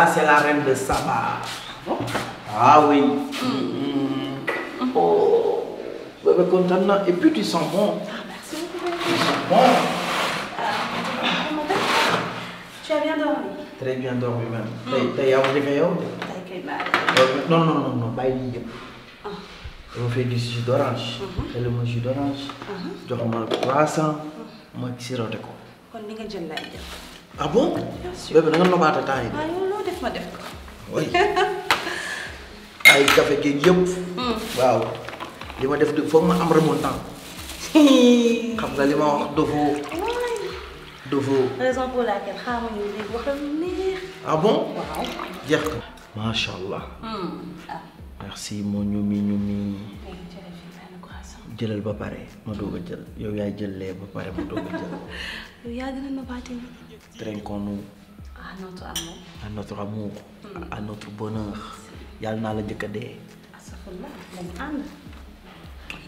Là, c'est la reine de Saba. Ah oui. Mm. Oh. Et puis, tu sens bon. Ah, euh, tu as bien dormi. Très bien dormi, même. Mm. T'as eu un euh, Non, non, non, non, pas ah. Je fais du jus d'orange. et mm-hmm. le jus d'orange. Mm-hmm. Je prends croissant. Mm. Ah bon? loo def ma def ko. oui ay café gi yëpp. Hmm. waaw li ma def du foog ma am remontant. xam nga li ma wax dofoo. dofoo. raison pour laquelle xaaral ñu ne wax neex. ah bon jeex hmm. ah. Eh, ko. macha allah. merci moo ñu mi jëlal ba pare ma doog a jël yow yaay jëlee ba pare ma doog a jël. yow yaa gën a ma baatee. à notre amour. à notre amour. Mm. à notre bonheur. y na la a le astafurlah la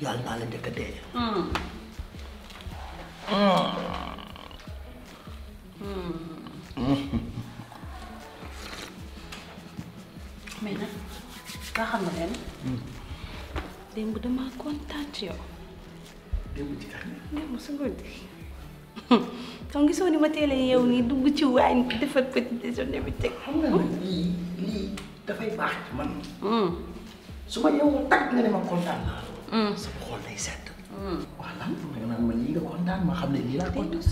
Y a le mm. mm. mais nag nga xam ma donc gisoo ni ma mm. mm. teel a yow nii dugg ci waañ bi petit déjeuner bi teg. xam nga tak lii dafay ci man. su ma yow tag nga ne ma kontaan naa. sama xol day sedd. waaw lan ma nga ma nga ma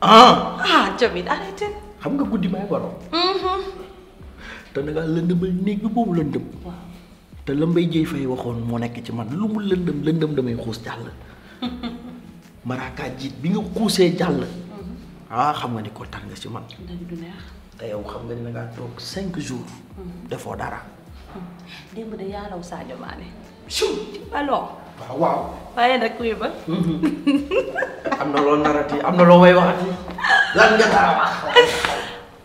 ah ah Jamil arrêté. xam nga guddi may borom. te da hmm lëndëmal néeg bi boobu lëndëm. te la mbay fay waxoon moo nekk ci man lu mu lëndëm maraaka jiit bi nga xuusee jàll ah xam nga ni ko kontaan nga ci man te yow xam nga ni ngaa toog cinq jours mm-hmm. defoo dara démb de yaa raw Sadio Mané alors ah, waaw ba mm-hmm. na loo narati am na loo way wax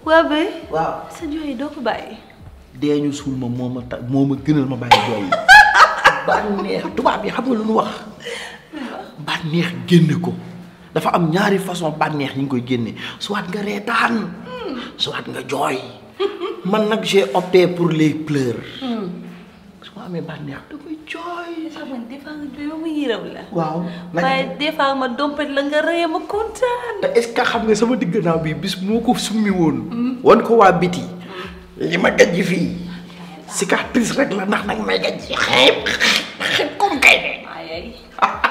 waa bay waaw sa jooy doo ko bàyyi dee ñu suul ma moo ma ta moo ma gënal ma bàyyi jooy yi bànneex tubaab yi xam nga lu ñu wax bànneex génne ko dafa am ñaari façon banex yi nga koy génne soit nga rétan soit nga joy man nak j'ai opté pour les pleurs su ma amee bànneex da koy joy sa man des nga joy ma yiraw la waaw waaye des fois ma dompet la nga rëy ma contane est ce que xam nga sama digganaaw bi bis moko ko summi won won ko wa biti lima ma fi cicatrice rek la nak nak may daj xeeb xeeb comme kay ay ah, ah.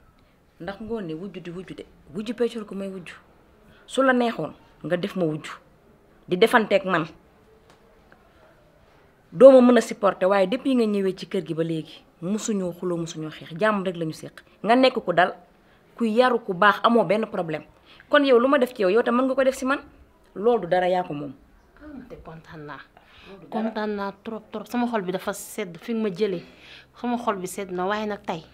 ndax ngoon ngoone wujju di wujju de wujju peccor ko may wujju su la neexoon nga def ma wujju di defanteeg man doo ma mën a supporter waaye dépp yi nga ñëwee ci kër gi ba léegi musuñoo xuloo musuñoo xeex jàmm rek lañu séq nga nekk ku dal ku yaru ku baax amoo benn problème kon yow lu ma def ci yow yow tam mën nga ko def si man loolu dara yaa ko moom. te kontaan naa kontaan naa trop trop sama xol bi dafa sedd fi nga ma jëlee sama xol bi sedd na waaye nag tey.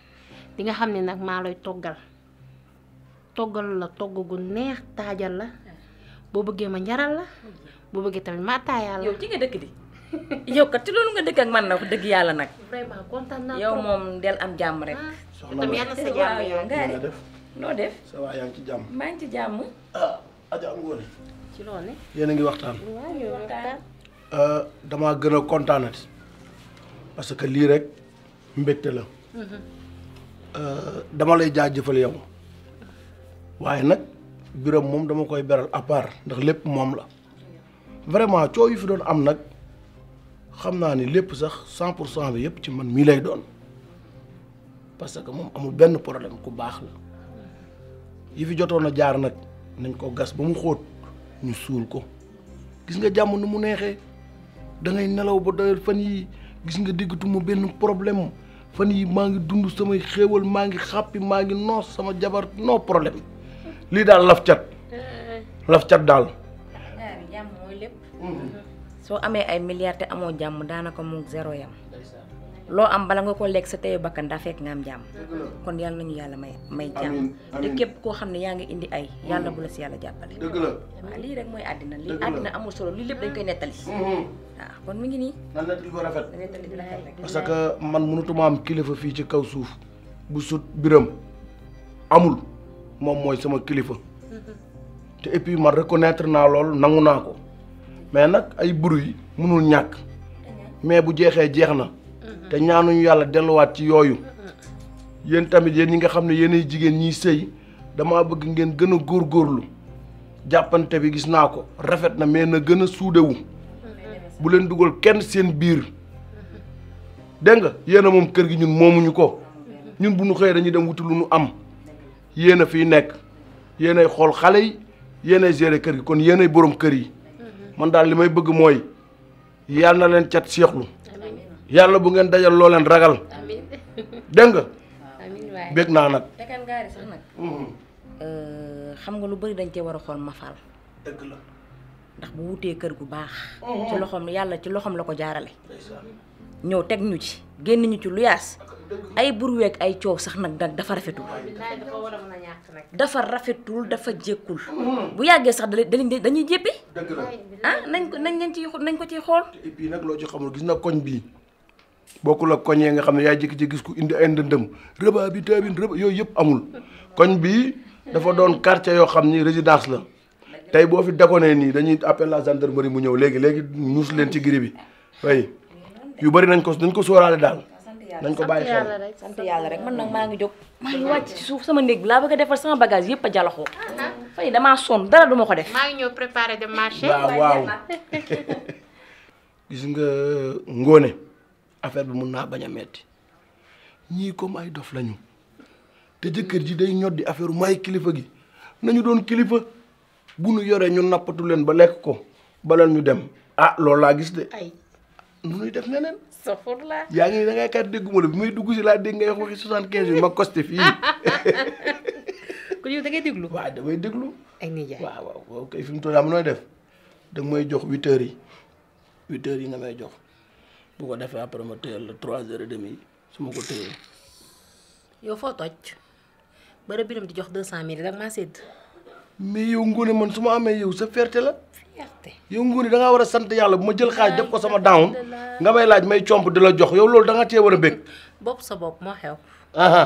li nga xamni nak ma lay togal togal la togu gu neex tajal la bo beugé ma ñaral la bo beugé tamit ma tayal yow ci nga dëkk di yow kat ci loolu nga dëkk ak man nak dëgg yalla nak vraiment kontaan naa yow mom del am jàmm rek ah. tam yalla sa jàmm yow nga def no def sa wa yang ci jàmm ma ngi ci jàmm ah Adja ngone ci loo yeena ngi waxtaan waaw ñu waxtaan euh, damaa gën a kontaanati parce que li rek mbégte la mhm. Euh, dama lay jaajëfal yow waaye nag biram moom dama koy beral à part ndax lépp moom la vraiment coow yu fi doon am nag xam naa ni lépp sax cent pour cent bi yëpp ci man mii lay doon parce que moom amul benn problème ku baax la yi fi jotoon a jaar nag nañ ko gas ba mu xóot ñu suul ko gis nga jàmm nu mu neexee dangay nelaw ba doyal fan yii gis nga déggatuma benn problème fan yi maa ngi dund samay xéewal maa ngi xàppi maa ngi noos sama jabar no problème lii daal laf cat laf cat daal jàmm lépp mm. soo amee ay milliards te amoo jàmm daanaka mu zéro yam lo am bala nga ko lek sa tey bakkan da fek nga am jàmm kon yal nañu yalla may may jam te kep ko xamne ya nga indi ay yalla bu la si jappale deug la li rek moy adina li adina amul solo li lepp dañ koy netali mm-hmm. ah kon mi ngi ni nan la nettali ko rafet netali parce que man mënutuma am kilifa fi ci kaw suuf bu sut biram amul mom moy sama kilifa mm-hmm. te et puis man reconnaître na lol nangu ko mais nak ay bruit mënul ñak mais bu jexé jexna te ñaanuñu yàlla delluwaat ci yooyu yéen tamit yéen ñi nga xam ne yéenay jigéen ñiy sëy damaa bëgg ngeen gën a góorlu jàppante bi gis naa ko rafet na mais na gën a suudewu bu leen dugal kenn seen biir dégg nga yéen moom kër gi ñun moomuñu ko ñun bu ñu xëyee dañuy dem wuti lu ñu am yéen a fiy nekk yéen xool xale yi yéen ay kër gi kon yéen boroom kër yi man daal li may bëgg mooy yàlla na leen cat seexlu yalla bu ngeen dajal lo leen ragal. amin deng nga. amin way bég na nak tekan nga gaari sax mm-hmm. euh xam nga lu beuri dañ ci wara xol mafal. deug la. ndax bu wuté kër gu bax mm-hmm. ci loxom yalla ci loxom lako jaarale. ñew tek ñu ci genn ñu ci lu yaas ay burweek ay ciow sax nag nag dafa rafetul. dafa rafetul dafa jekul. Mm-hmm. bu yagge sax dañuy dañuy jéppi. la ah nañ ko nañ ngeen ci nañ ko ci xol et puis nag ci xamul gis na koñ bi bokkul ak koñ nga xam ya jik ci gis ku indi ay ndëndëm reba bi tabin reba yoy yëpp amul koñ bi dafa doon quartier yo xamni résidence la tay bo fi dagoné ni dañuy appel la gendarmerie mu ñëw légui légui ñuus leen ci gribi way yu bari nañ ko dañ ko sóoraale dal nañ ko bayyi xel sant yalla rek man nak ma ngi jóg ma ngi wacc ci suuf sama neeg bi laa bëgg défar sama bagage yëpp a fay dama son dara duma ko def ma ngi ñëw préparer de marché waaw waaw gis nga ngone affaire bi mun naa bañ a metti ñii comme ay dof lañu te jëkkër ji day ñoddi affaire maay kilifa gi nañu doon kilifa bu nu yoree ñu nappatu leen ba lekk ko balal ñu dem ah loolu laa gis de. ay nu nuy def neneen. sofur laa. yaa ngi da ngay kat dégguma la bi muy dugg si laa dégg ngay waxi soixante quinze bi ma costé fii. ku yow da déglu. waaw damay déglu. ay nijaay waaw waaw kay fi mu toll am nooy def da jox huit yi huit yi nga may jox. bu ko defee après ma téyel la trois heures et demie su ko téyee. yow foo toj bërëb bi di jox deux cent mille rek maa sédd. mais yow Ngoné man suma ma amee yow sa fierté la. fierté yow Ngoné da ngaa war a sant yàlla bu ma jël xaaj def ko sama down nga may laaj may comp di la jox yow loolu da nga cee war a bëgg. bopp sa bopp moo xew. aha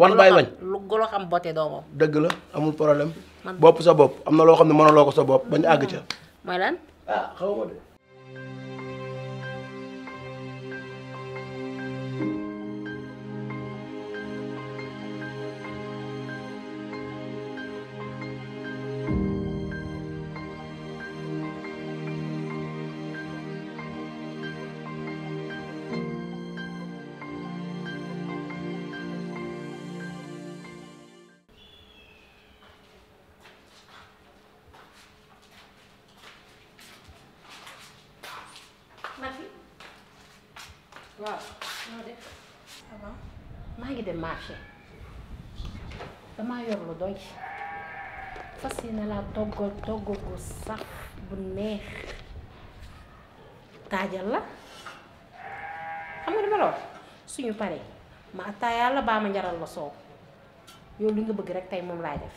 wan bay wañ lu golo xam bote doomam. deug la amul problème. bop sa bop amna lo loo xam ne ko sa bop bañ ag ci moy lan. ah xaw ma de. waaw maa ngi dem marché damaa yor lu doy fas yéene laa toggal toggal bu sax bu neex taajal la xam nga dama la wax suñu paree ma attaa yàlla baa ma njaral la soow yow li nga bëgg rek tey moom laay def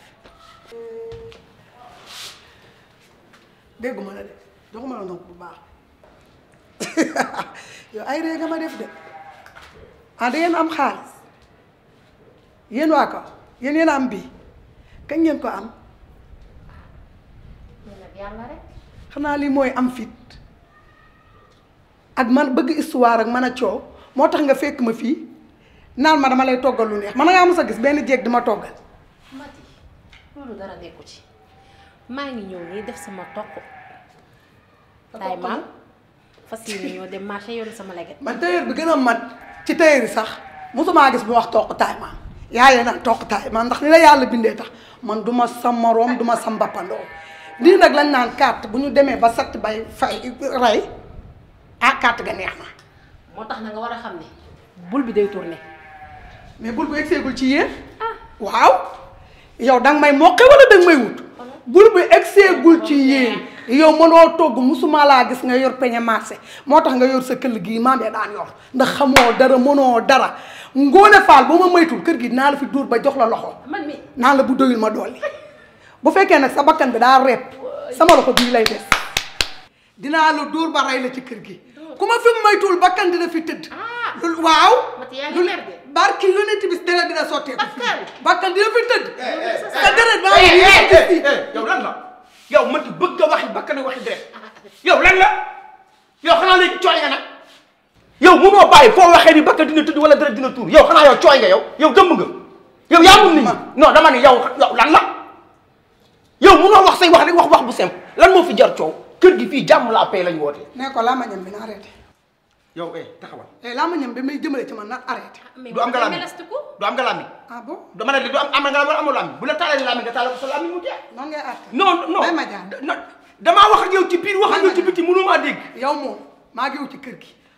dégguma la de doxuma la nopp bu baax yow ay ree nga def de ah da ngeen am xaalis yéen waa ko yéen yéen am bii kañ ngeen ko am xanaa lii mooy am fit ak man bëgg histoire ak man a coow moo tax nga fekk ma fii naan ma dama lay toggal lu neex man ngaa mos a gis benn jéeg dama toggal mati loolu dara nekku ci maa ngi ñëw nii def sama tokk tay fas yéene ñoo dem marché yoonu sama leget. man tailleur bi gën a mat ci tailleur yi sax mosuma gis mu wax toq taay ma yaay naan toq taay ma ndax ni la yàlla bindee tax man du sam moroom du ma sa mbappandoo nag lañ naan carte bu ñu demee ba sat bay fay rey ah carte ga neex na. moo tax na nga war a xam ne bul bi day tourné. mais bul bu egseegul ci yéen. ah waaw yow danga may moqe wala danga may wut. bul bu egsee gul ci yéen yow mënoo togg musuma laa gis nga yor peñe marché moo tax nga yor sa këll gii maam ya daan yor ndax xamoo dara mënoo dara ngoone faal boo ma moytul kër gi naa la fi dóor ba jox la loxo naan la bu doyul ma dolli bu fekkee nag sa bakkan bi daa repp sama loxo bii lay des dinaa la dóor ba rey la ci kër gi ku ma fi moytul bakkan dina fi tëdd ah. lu waaw lu barki yonent bi deret dina sottee ko bakkan dina fi tëdd sa deret baa ngi eh, eh, waaye fo waxe ni bakka dina tudd wala dara dina tour yow xana yow cooy nga yow yow gem nga yow yaa mun nit non dama ni yow lan la yow mu no wax say wax rek wax wax bu simple lan mo fi jar ciow keur gi fi jam la paix lañ wote ne ko la ma ñam bi na arrêté. yow eh taxawal. eh la ma ñam bi may jëmele ci man na arrêté. du am galami du am galami ah bon dama ne du am am nga wala amul lami bu la talé lami nga talé ko so lami mu té non ngay arrêté non non may ma jaar dama wax ak yow ci biir wax ak yow ci biti mënoo maa dégg. yow mo ma gi wu ci keur gi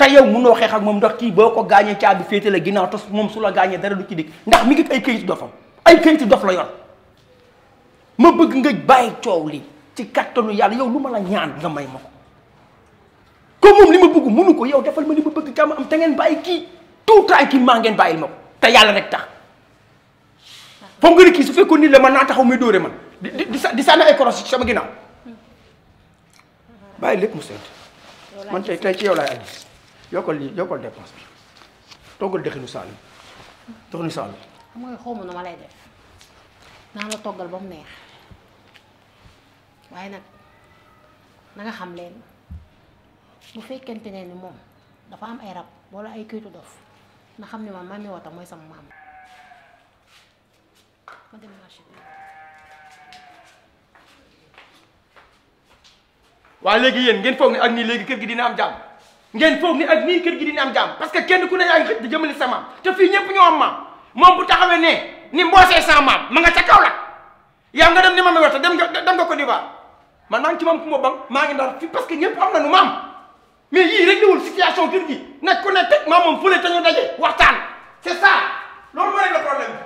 ta yow mënoo xex ak mom ndax ki boko gañé ci caabi fété la ginaaw tos mom su la gañé dara du ci dik ndax mi ngi ay këyitu dofam ay këyitu dof la yor ma bëgg nga bàyyi ciow li ci kattanu yalla yow luma la ñaan nga may mako ko mom lima bëgg mënu ko yow defal ma lima bëgg jàmm am te ngeen bàyyi tout temps ki ma ngeen bàyyil mako ta yalla rek tax fo nga ne su fekkoon ni la man na taxaw muy doore man di di di sànni ay koros ci sama ginaaw bàyyi lepp mu sét man tay tay ci yow laay aji yokkal lii yokkal dépense bi toggal dëxinu Saalum dëxinu Saalum. xam nga xaw ma nu ma lay def naa la toggal ba mu neex waaye nag na xam leen bu fekkente ne ni moom dafa am ay rab walla ay këytu dof na xam ne man Mamy Wata mooy sama maam. ma dem marché bi. waaye léegi yéen ngeen foog ne ak nii léegi kër gi dina am jàmm. ngeen foog ni ak nii kër gi dina am jàmm parce que kenn ku ne yaa ngi xëj di jëmale sa maam te fii ñëpp ñoo am maam moom bu taxawee ne ni mboosee sa maam ma ca kaw la nga dem ni ma mi warta dem dem nga ko di man maa ngi ci maam Kumba Bang maa ngi ndar fii parce que ñëpp am na nu maam mais yii rek lawul situation kër gi nag ku ne teg maam moom fële te ñu daje waxtaan c'est ça loolu mooy le problème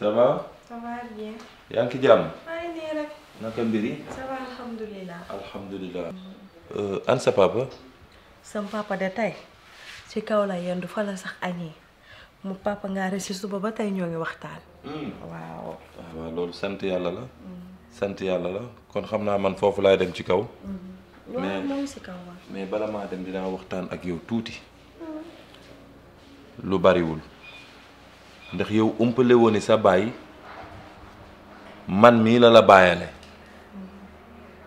ça va Ça va bien. yaa ah, ngi ci rek. Nak mbir ça va alhamdulilah. alhamdulilah. Eh, an sa papa. sam papa de Si ci kaw la yendu fa la sax añee mu papa ngaa resi suba ba tey ñoo ngi waxtaan. Hmm. Ah, waaw. waaw hmm. kon xam naa man foofu laay dem ci kaw. mais loolu si kaw hmm. mais bala maa dem dinaa waxtaan ak yow tuuti. ndax yow umpale woon sa baay man mii la la bàyyale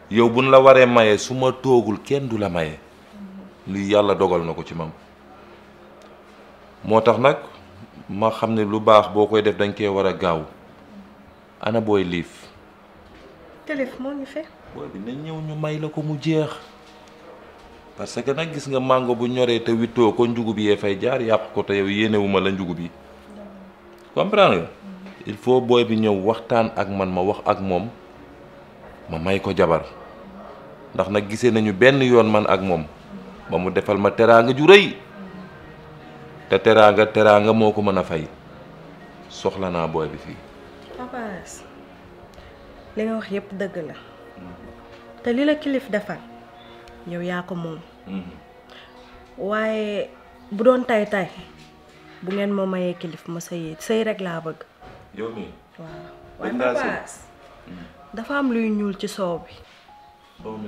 yow buñ la waree maye su ma toogul kenn du la maye lii yàlla dogal na ko ci mam moo tax nag ma xam ne lu baax boo koy def dañ koy war a gaaw ana booy liif télef moo ngi fe na ko mu jeex parce que nag gis nga màngo bu ñoree te wittoo ko njugub yee fay jaar yàq ko te yow yéenewuma la njugub yi comprends nga il faut boy bi ñew waxtaan ak man ma wax ak mom ma may ko jabar ndax nak gisé nañu benn yoon man ak mom ba mu defal ma teranga ju reuy te teranga teranga moko mëna fay soxla na boy bi fi Papa li nga wax yépp dëgg la te li la kilif defal yow ya ko mom mm-hmm. waye bu doon tay tay. bu ngeen ma mayee kilif ma sëyee sëy rek laa bëgg. Hmm. dafa am luy ñuul ci soow bi. soow mi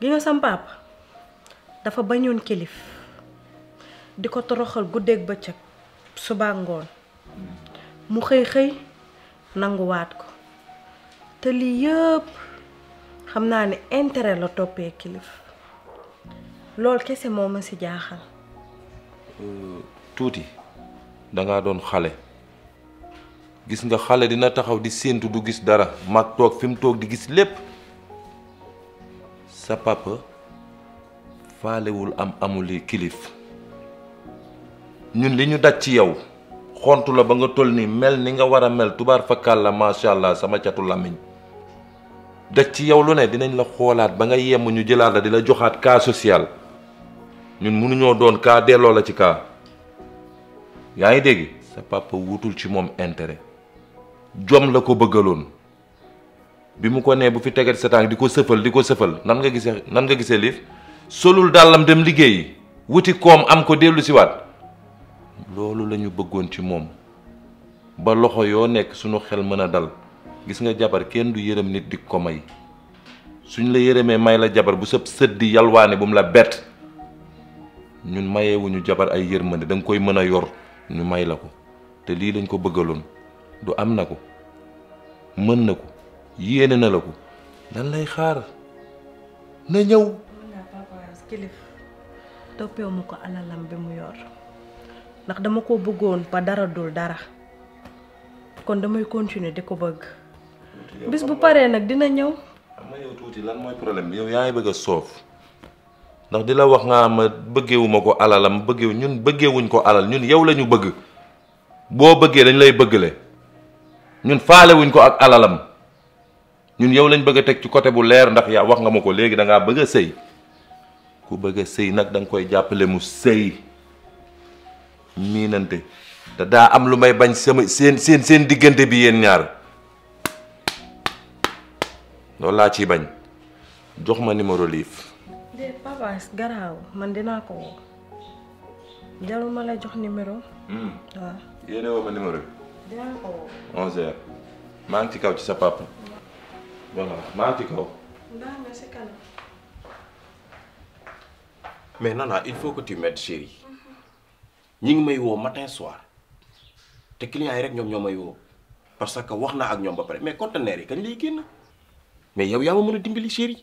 gi nga sam papa dafa bañoon kilif di ko toroxal guddeeg bëccëg suba ngoon hmm. mu xëy xëy nanguwaat ko te lii xam naa ni intérêt la toppee kilif loolu kese moo ma si jaaxal. Euh, tuti da nga don xalé gis nga xalé dina taxaw di sentu du gis dara mak tok fim tok di gis lepp sa papa wul am amuli kilif ñun liñu dacc ci yow xontu la ba nga toll ni mel ni nga wara mel mel fa kala ma sha allah sama ciatu làmmiñ dacc ci yow lu ne dinañ la xolaat ba nga yemu ñu jëlaat la di joxaat ka social ñun ñoo doon ka délo la ci cas yaa ngi dégg sa papa wutul ci moom intérêt jom la ko bëggaloon bi mu ko nee bu fi teget sa di ko sëfal di ko sëfal nan nga gisee nan nga gisee liif solul dàllam dem liggéeyi wuti koom am ko dellusiwaat loolu lañu bëggoon ci moom ba loxo yoo nekk suñu xel mën a dal gis nga jabar kenn du yërëm nit di ko may suñ la yërëmee may la jabar bu sëb sëdd di yalwaane bu mu la bett ñun mayewuñu jabar ay yërmande danga koy mën a yor ñu may la ko te lii lañ ko bëggaloon du am na ko mën na ko yéene na la ko lan lay xaar na ñëw. kilif toppewu ko alalam bi mu yor ndax dama ko bëggoon ba dara dul dara kon damay continuer di ko bëgg. bis bu paree nag dina ñëw. am tuuti lan mooy problème bi yow yaa ngi bëgg soof. ndax di la wax nga ma bëggeewu ma ko alalam bëggeewu ñun bëggeewuñ ko alal ñun yow la ñu bëgg boo bëggee dañ lay bëggale ñun faalewuñ ko ak alalam ñun yow lañ bëgg a teg ci côté bu leer ndax yaa wax nga ma ko léegi da ngaa bëgg a sëy ku bëgg a sëy nag da nga koy jàppale mu sëy miinante te daa am lu may bañ sama seen seen seen diggante bi yéen ñaar loolu laa ciy bañ jox ma numéro liif avance garaaw man dinaa ko woo jarul ma la jox numéro. Hmm. waaw yéen a woo ma numéro bi. dinaa ko woo. 11h maa ngi ci kaw ci sa papa. voilà maa ngi kaw. mais Nana il faut que tu m'aides chérie ñi ngi may woo matin soir te clients yi rek ñoom ñoo may woo parce que wax naa ak ñoom ba pare mais conteneurs yi kañ lay génn mais yow yaa ma mën a dimbali chérie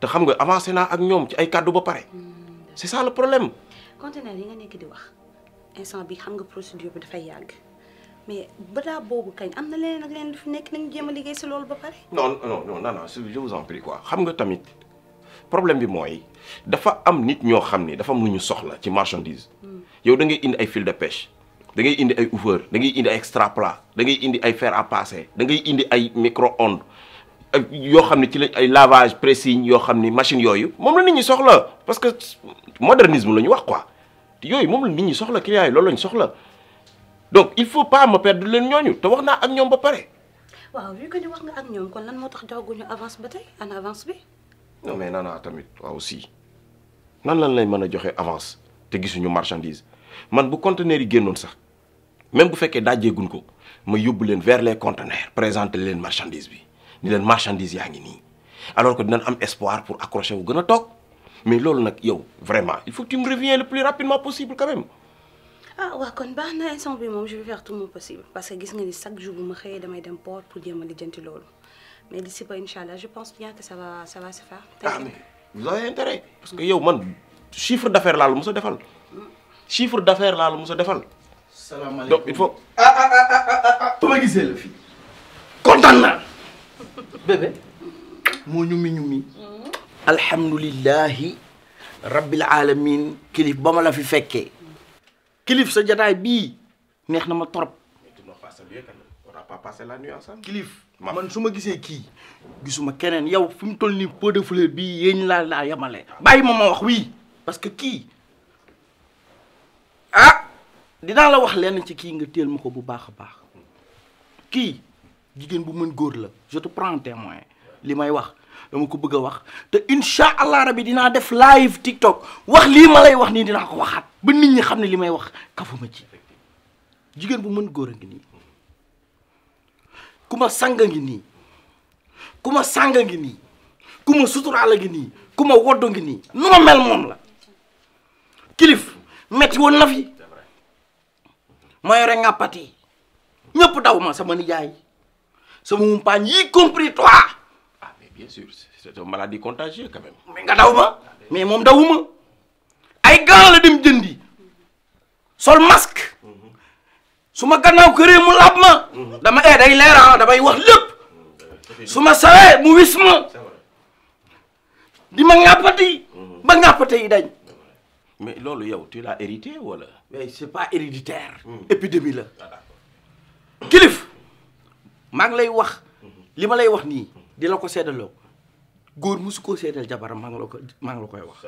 te xam nga avancé naa ak ñoom ci ay kàddu ba pare hmm, c'est ça le problème. conteneur yi nga bi xam nga procédure bi mais balaa boobu kañ am na leneen ak nekk nañu jéem a liggéey si loolu ba pare. non xam nga tamit problème bi mooy dafa am nit ñoo xam ne dafa am lu ñu soxla ci marchandise. Hmm. yow da ngay indi ay fil de pêche. da ngay indi ay ouvreur da ngay indi ay extra plat da ngay indi ay fer à passer da indi ay micro onde Yo, xam ci ay lavage pressing yo xamni machine yoyu mom la nit ñi soxla parce que modernisme la wax quoi te mom la nit ñi soxla client yi loolu soxla donc il faut pas me perdre leen ñooñu te wax naa ak ñoom ba pare. waaw vu que ñu wax nga ak ñoom kon lan moo tax joxaguñu avance ba tey en avance bi. non mais Nana tamit waaw aussi nan lan lay mën a joxe avance te gisuñu marchandise man bu conteneur yi génnoon sax même bu fekkee daajeeguñ ko ma yóbbu leen vers les conteneurs présenter leen marchandise bi ni les marchandises yaa ngi alors que dinañ am espoir pour accrocher vous gën mais loolu nak yow vraiment il faut que tu me reviennes le plus rapidement possible quand même. ah wa kon baax na instant je vais faire tout mon possible parce que gis nga chaque jour Je ma xëyee damay dem port pour jéem a lijjanti loolu mais d'ici pas Inch'Allah.. je pense bien que ça va ça va se faire. ah mais vous avez intérêt parce que yow man chiffre d'affaires là Je mos a defal chiffre d'affaires là la mos a defal. donc il faut. ah ah ah ah ah ba ma gisee la fii kontaan bébé moo ñumi ñumi alhamdulillahi rabbil alamin kilif ba ma la fi fekkee kilif sa jataay bii neex na ma torop kilif man su ma gisee kii gisuma keneen yow fu mu toll nii pot de fleur bii yéen laa laa yemale bàyyi ma ma wax wii parce que kii ah dinaa la wax lenn ci kii nga teel ma ko bu baax a baax kii Jigen bu meun góor la je te prends témoin limay wax dama ko bëgg wax te inshallah allah rabi def live tiktok wax lima ma lay wax ni dina ko waxat ba nit ñi xamni limay li may wax kafuma ci jigen bu meun góor ngi ni kuma ma sanga ngi ni kuma ma sanga ngi ni kuma sutura ngi ni kuma woddo ngi ni numa mel mom la kilif metti won na fi ma yore ngàppati daw ma sama ni jaay mon compagne y compris toi. ah mais bien sûr c'est une maladie contagieuse quand même. mais nga daw ma mais mon dawuma ay je la là. masque Je suis gannaaw këree mu laab ma. dama eh day leer Je ah, wax lépp su ma mu je ba mais là? tu l'as hérité wala. mais c'est pas héréditaire. épidémie là. kilif. maa ngi lay wax mm-hmm. li ma lay wax nii di la ko seddaloo góor musu koo seddal jabaram maa ngi la ko maa ngi la koy wax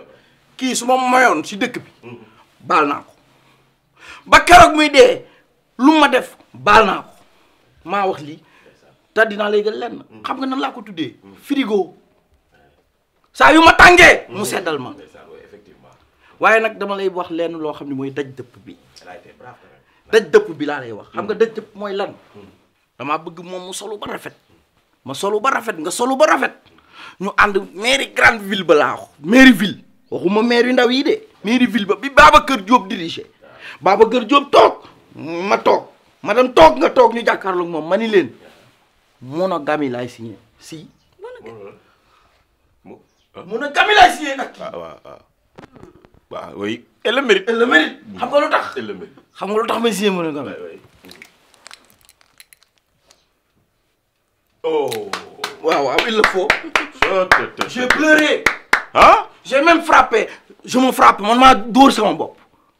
kii su ma mayoon si dëkk bi mm-hmm. baal naa ko ba keroog muy dee lu ma def baal naa ko maa wax lii te dinaa lay gën lenn mm-hmm. xam nga nan laa ko tuddee frigo saa yu ma tàngee mu seddal ma waaye nag dama lay wax lenn loo xam ne mooy daj dëpp bi daj dëpp bi laa lay wax xam nga daj dëpp mooy lan dama bëgg moom mu solu ba rafet ma solu ba rafet nga solu ba rafet ñu ànd mairie grande ville ba laa mairie ville waxuma mairie ndaw yi de mairie ville ba bi Babacar Diop dirigé Babacar Diop toog ma toog ma dem toog nga toog ñu jàkkaarloog moom ma ni leen gami lay signé si ah. gami lay signé nak waaw ah, waaw waaw waaw oui elle le mérite elle le mérite mm. xam nga lu tax elle le mérite xam nga lu tax may signé gami Oh Waouh, ah il le faut. J'ai pleuré. Hein J'ai même frappé. Je me frappe, mon ma dóor sama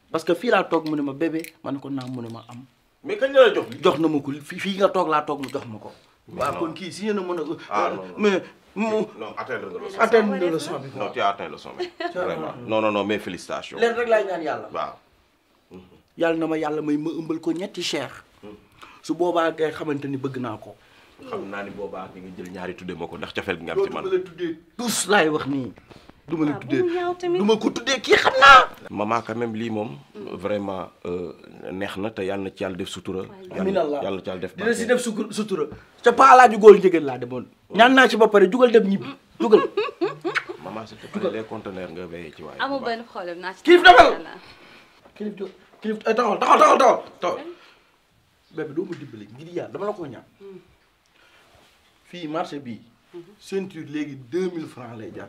parce que suis un bébé, mon bébé ma ko na mon ma am. mais quand la jox jox na nga jox ko. kon si ah, non atteindre le leçon. atteindre le non tu as atteint vraiment non non non mais félicitations. y rek laay ñaan Y waaw. yàlla Yalla, ma il may ma ko ñetti cher. Mm. su bëgg ko. Mmh. xam naa ni boobaa di nga jël ñaari tudde ma ko ndax cofeel gi nga am ci man. du ma tuddee tous laay wax nii. du ma la ah, tuddee du ma ko tuddee kii xam naa. maman quand lii moom. vraiment euh, neex na te yàlla na ci yàlla def sutura. amiin yàlla na ci yàlla def dina si def sutura. ca paalaaju góor njëgën laa demoon. Oh. ñaan naa ci ba pare jugal dem ñibbi jugal. maman s'il te plaît les nga veillé ci waaye. amul benn problème naa ci kilif defal kilif kilif eh, taxawal taxawal taxawal taxawal. Hmm. bébé fii marché bii ceinture léegi deux mille francs lay jar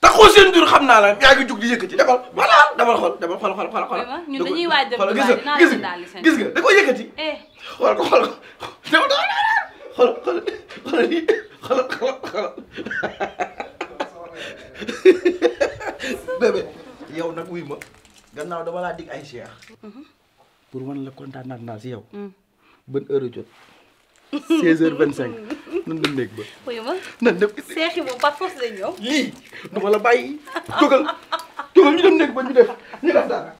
taxul ceinture xam naa la yaa ngi jug di yëkkati defal voilà defal xool defal xool xool xool xool ñun dañuy waaj dem xool gis nga gis nga gis nga da bébé yow nag wuy ma gannaaw dama laa dig ay cheikh pour wan la kontaan naa si yow ban heure seize heures vingt cinq nan la néeg ba. wuyu ma nan def seex yi moom par force lay ñëw. yii du ma la bàyyi jógal jógal ñu dem néeg ba ñu def ñu def dara.